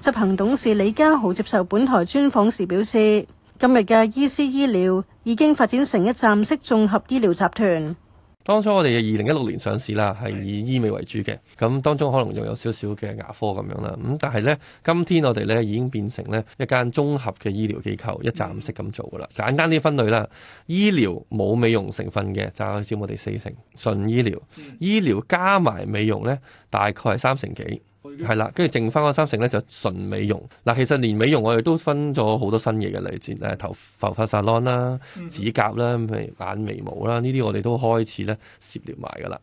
執行董事李嘉豪接受本台專訪時表示，今日嘅醫思醫療已經發展成一站式綜合醫療集團。當初我哋嘅二零一六年上市啦，係以醫美為主嘅，咁當中可能仲有少少嘅牙科咁樣啦。咁但係呢，今天我哋呢已經變成呢一間綜合嘅醫療機構，一站式咁做噶啦。簡單啲分類啦，醫療冇美容成分嘅，就占我哋四成，純醫療，醫療加埋美容呢，大概係三成幾。係啦，跟住 剩翻嗰三成咧就純美容。嗱，其實連美容我哋都分咗好多新嘢嘅，例如誒頭髮、髮型 salon 啦、指甲啦、譬如眼眉毛啦，呢啲我哋都開始咧涉獵埋㗎喇。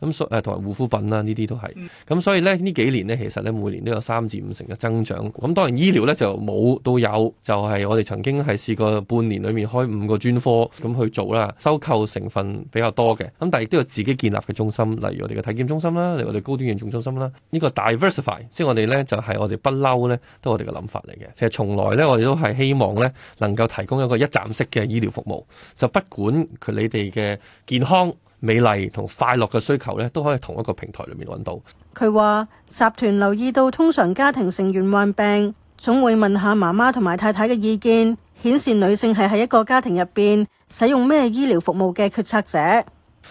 咁所誒同埋護膚品啦、啊，呢啲都係。咁所以咧呢幾年咧，其實咧每年都有三至五成嘅增長。咁當然醫療咧就冇都有，就係、是、我哋曾經係試過半年裏面開五個專科咁去做啦。收購成分比較多嘅，咁但係亦都有自己建立嘅中心，例如我哋嘅體檢中心啦，例如我哋高端營養中心啦。這個、ify，呢個 diversify，即係我哋咧就係我哋不嬲咧，都係我哋嘅諗法嚟嘅。其實從來咧我哋都係希望咧能夠提供一個一站式嘅醫療服務，就不管佢你哋嘅健康，美麗同快樂嘅需求咧，都可以喺同一個平台裏面揾到。佢話集團留意到，通常家庭成員患病，總會問下媽媽同埋太太嘅意見，顯示女性係喺一個家庭入邊使用咩醫療服務嘅決策者。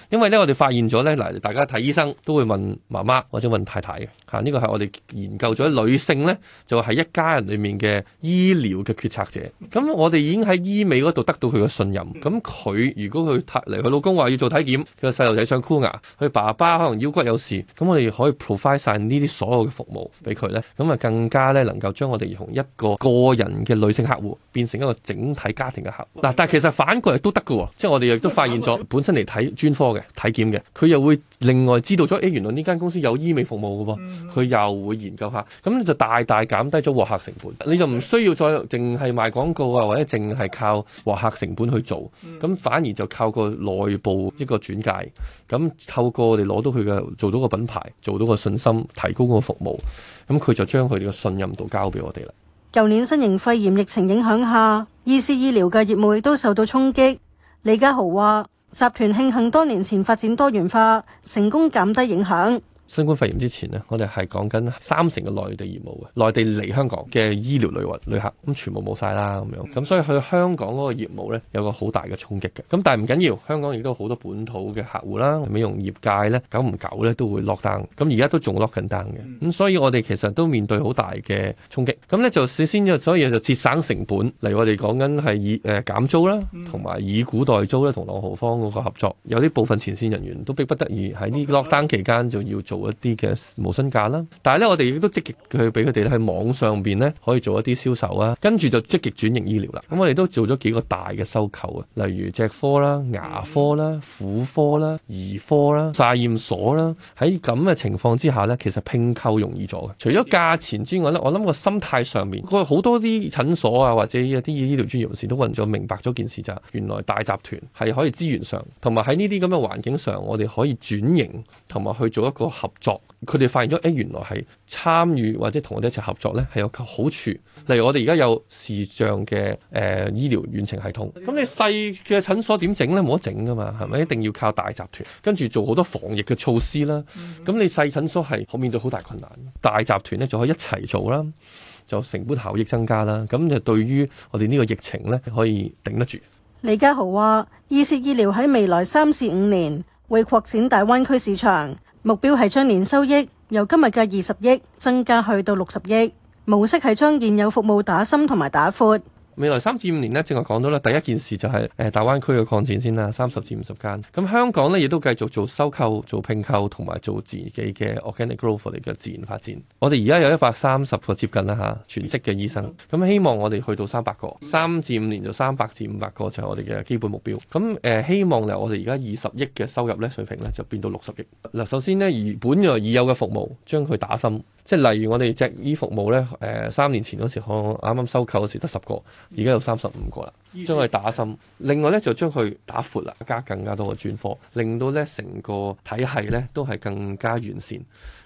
因為咧，我哋發現咗咧，嗱，大家睇醫生都會問媽媽或者問太太嘅。呢、啊，這個係我哋研究咗女性咧，就係、是、一家人裡面嘅醫療嘅決策者。咁、嗯、我哋已經喺醫美嗰度得到佢嘅信任。咁、嗯、佢如果佢嚟，佢老公話要做體檢，佢細路仔想箍牙，佢爸爸可能腰骨有事，咁、嗯、我哋可以 provide 晒呢啲所有嘅服務俾佢咧。咁、嗯、啊，更加咧能夠將我哋從一個個人嘅女性客戶變成一個整體家庭嘅客戶。嗱、啊，但係其實反過嚟都得嘅喎，即係我哋亦都發現咗本身嚟睇專科嘅體檢嘅，佢又會另外知道咗，哎，原來呢間公司有醫美服務嘅噃。佢又會研究下，咁就大大減低咗獲客成本。你就唔需要再淨係賣廣告啊，或者淨係靠獲客成本去做，咁反而就靠個內部一個轉介。咁透過我哋攞到佢嘅做到個品牌，做到個信心，提供個服務，咁佢就將佢哋嘅信任度交俾我哋啦。舊年新型肺炎疫情影響下，醫思醫療嘅業務亦都受到衝擊。李嘉豪話：集團慶幸多年前發展多元化，成功減低影響。新冠肺炎之前呢，我哋係講緊三成嘅內地業務嘅，內地嚟香港嘅醫療旅運旅客，咁全部冇晒啦咁樣，咁所以去香港嗰個業務呢，有個好大嘅衝擊嘅。咁但係唔緊要，香港亦都好多本土嘅客戶啦，美容業界呢，久唔久呢都會落單，嗯，咁而家都仲落緊單嘅。咁所以我哋其實都面對好大嘅衝擊。咁呢，就首先就所以就節省成本嚟，我哋講緊係以誒、減、呃、租啦，同埋以股代租呢，同朗豪坊嗰個合作。有啲部分前線人員都迫不得已喺呢落單期間就要。Okay. 做一啲嘅無薪假啦，但係咧我哋亦都積極去俾佢哋咧喺網上邊咧可以做一啲銷售啊，跟住就積極轉型醫療啦。咁、嗯、我哋都做咗幾個大嘅收購啊，例如脊科啦、牙科啦、婦科啦、兒科啦、化驗所啦。喺咁嘅情況之下咧，其實併購容易咗嘅。除咗價錢之外咧，我諗個心態上面，佢好多啲診所啊或者有啲醫療專業人士都混咗明白咗件事就係原來大集團係可以資源上，同埋喺呢啲咁嘅環境上，我哋可以轉型同埋去做一個。合作，佢哋發現咗，誒、欸，原來係參與或者同我哋一齊合作呢係有個好處。例如我哋而家有視像嘅誒、呃、醫療遠程系統，咁、嗯、你細嘅診所點整呢？冇得整噶嘛，係咪一定要靠大集團跟住做好多防疫嘅措施啦？咁、嗯、你細診所係面對好大困難，大集團呢就可以一齊做啦，就成本效益增加啦。咁就對於我哋呢個疫情呢，可以頂得住。李嘉豪話：醫思醫療喺未來三至五年會擴展大灣區市場。目標係將年收益由今日嘅二十億增加去到六十億。模式係將現有服務打深同埋打闊。未來三至五年咧，正話講到啦，第一件事就係、是、誒、呃、大灣區嘅擴展先啦，三十至五十間。咁香港咧亦都繼續做收購、做併購同埋做自己嘅 organic growth，我哋嘅自然發展。我哋而家有一百三十個接近啦嚇、啊，全職嘅醫生。咁希望我哋去到三百個，三至五年就三百至五百個就係我哋嘅基本目標。咁誒、呃、希望咧，我哋而家二十億嘅收入咧水平咧，就變到六十億。嗱、啊，首先咧，而本來已有嘅服務將佢打深，即係例如我哋隻醫服務咧，誒、呃、三年前嗰時，我啱啱收購嗰時得十個，而家有三十五個啦，將佢打深；另外咧就將佢打闊啦，加更加多嘅專科，令到咧成個體系咧都係更加完善。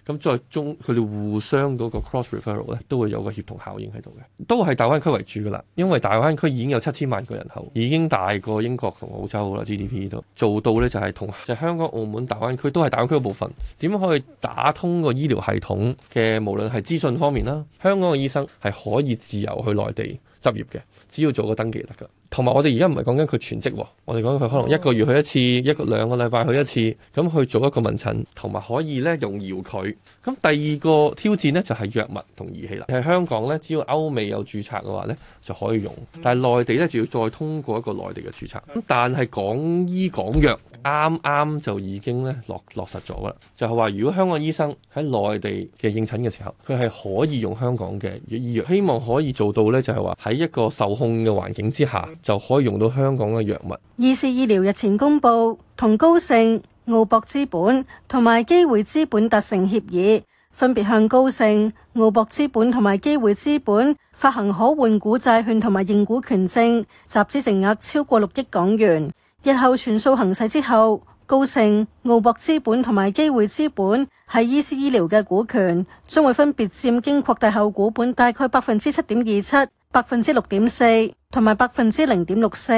咁再中佢哋互相嗰個 cross referral 咧，都會有個協同效應喺度嘅。都係大灣區為主噶啦，因為大灣區已經有七千萬個人口，已經大過英國同澳洲噶啦 GDP 都做到咧，就係、係、同就係、香港、澳門、大灣區都係大灣區嘅部分。點樣可以打通個醫療系統嘅？無論係資訊方面啦，香港嘅醫生係可以自由去內地執業嘅，只要做個登記就得㗎。同埋我哋而家唔係講緊佢全職喎、哦，我哋講緊佢可能一個月去一次，一個兩個禮拜去一次，咁去做一個問診，同埋可以咧用遙距。咁第二個挑戰咧就係、是、藥物同儀器啦。喺香港咧，只要歐美有註冊嘅話咧就可以用，但係內地咧就要再通過一個內地嘅註冊。咁但係港醫港藥啱啱就已經咧落落實咗啦，就係、是、話如果香港醫生喺內地嘅應診嘅時候，佢係可以用香港嘅醫藥，希望可以做到咧就係話喺一個受控嘅環境之下。就可以用到香港嘅藥物。醫思醫療日前公布同高盛、澳博資本同埋機會資本達成協議，分別向高盛、澳博資本同埋機會資本發行可換股債券同埋認股權證，集資成額超過六億港元。日後全數行使之後，高盛、澳博資本同埋機會資本喺醫思醫療嘅股權將會分別佔經擴大後股本大概百分之七點二七。百分之六點四同埋百分之零點六四。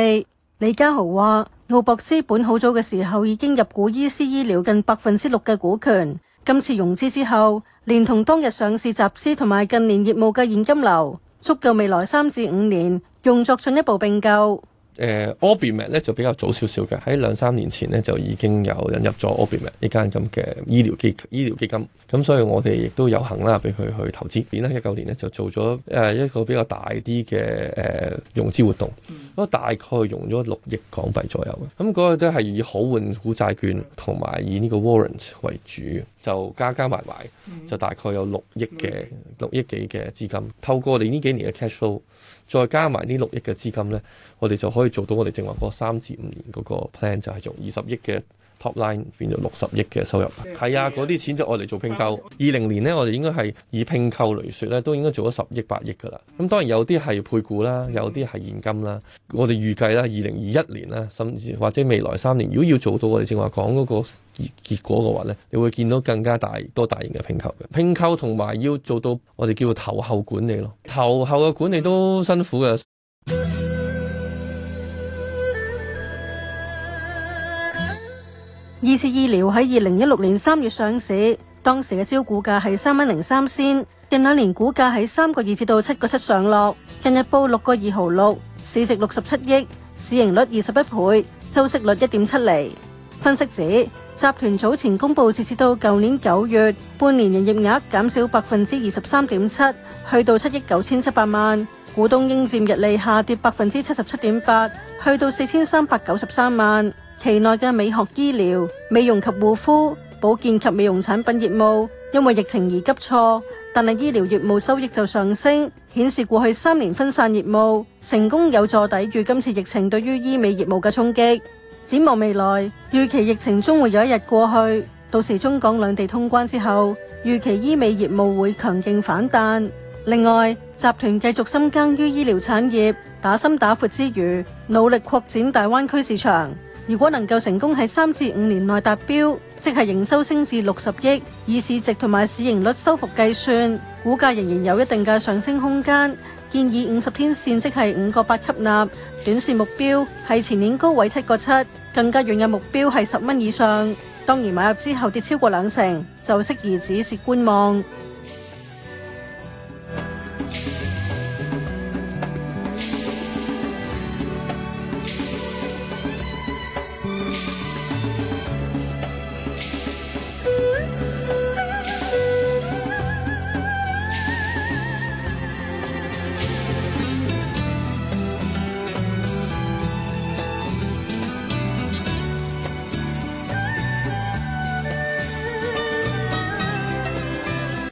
李嘉豪話，澳博資本好早嘅時候已經入股醫思醫療近百分之六嘅股權。今次融資之後，連同當日上市集資同埋近年業務嘅現金流，足夠未來三至五年用作進一步併購。誒 OrbiMed 咧就比較早少少嘅，喺兩三年前咧就已經有引入咗 OrbiMed 呢間咁嘅醫療基醫療基金，咁所以我哋亦都有幸啦俾佢去投資，變啦一九年咧就做咗誒一個比較大啲嘅誒融資活動，咁大概用咗六億港幣左右嘅，咁、那、嗰個都係以可換股債券同埋以呢個 warrant 為主。就加加埋埋，就大概有六億嘅六億幾嘅資金。透過我哋呢幾年嘅 cash flow，再加埋呢六億嘅資金咧，我哋就可以做到我哋正話嗰三至五年嗰個 plan，就係用二十億嘅。Top line 變咗六十億嘅收入，係啊，嗰啲錢就我嚟做拼購。二零年呢，我哋應該係以拼購嚟説呢都應該做咗十億、八億噶啦。咁當然有啲係配股啦，有啲係現金啦。我哋預計啦，二零二一年啦，甚至或者未來三年，如果要做到我哋正話講嗰個結果嘅話呢，你會見到更加大、多大型嘅拼購嘅拼購，同埋要做到我哋叫投後管理咯。投後嘅管理都辛苦嘅。醫思醫療喺二零一六年三月上市，當時嘅招股價係三蚊零三仙。近兩年股價喺三個二至到七個七上落，近日報六個二毫六，市值六十七億，市盈率二十一倍，周息率一點七厘。分析指集團早前公布，截至到舊年九月，半年營業額減少百分之二十三點七，去到七億九千七百萬，股東應佔溢利下跌百分之七十七點八，去到四千三百九十三萬。期內嘅美學醫療、美容及護膚、保健及美容產品業務因為疫情而急挫，但係醫療業務收益就上升，顯示過去三年分散業務成功有助抵御今次疫情對於醫美業務嘅衝擊。展望未來，預期疫情終會有一日過去，到時中港兩地通關之後，預期醫美業務會強勁反彈。另外，集團繼續深耕於醫療產業，打深打闊之餘，努力擴展大灣區市場。如果能夠成功喺三至五年內達標，即係營收升至六十億，以市值同埋市盈率收復計算，股價仍然有一定嘅上升空間。建議五十天線即係五個八級納，短線目標係前年高位七個七，更加遠嘅目標係十蚊以上。當然買入之後跌超過兩成，就適宜止蝕觀望。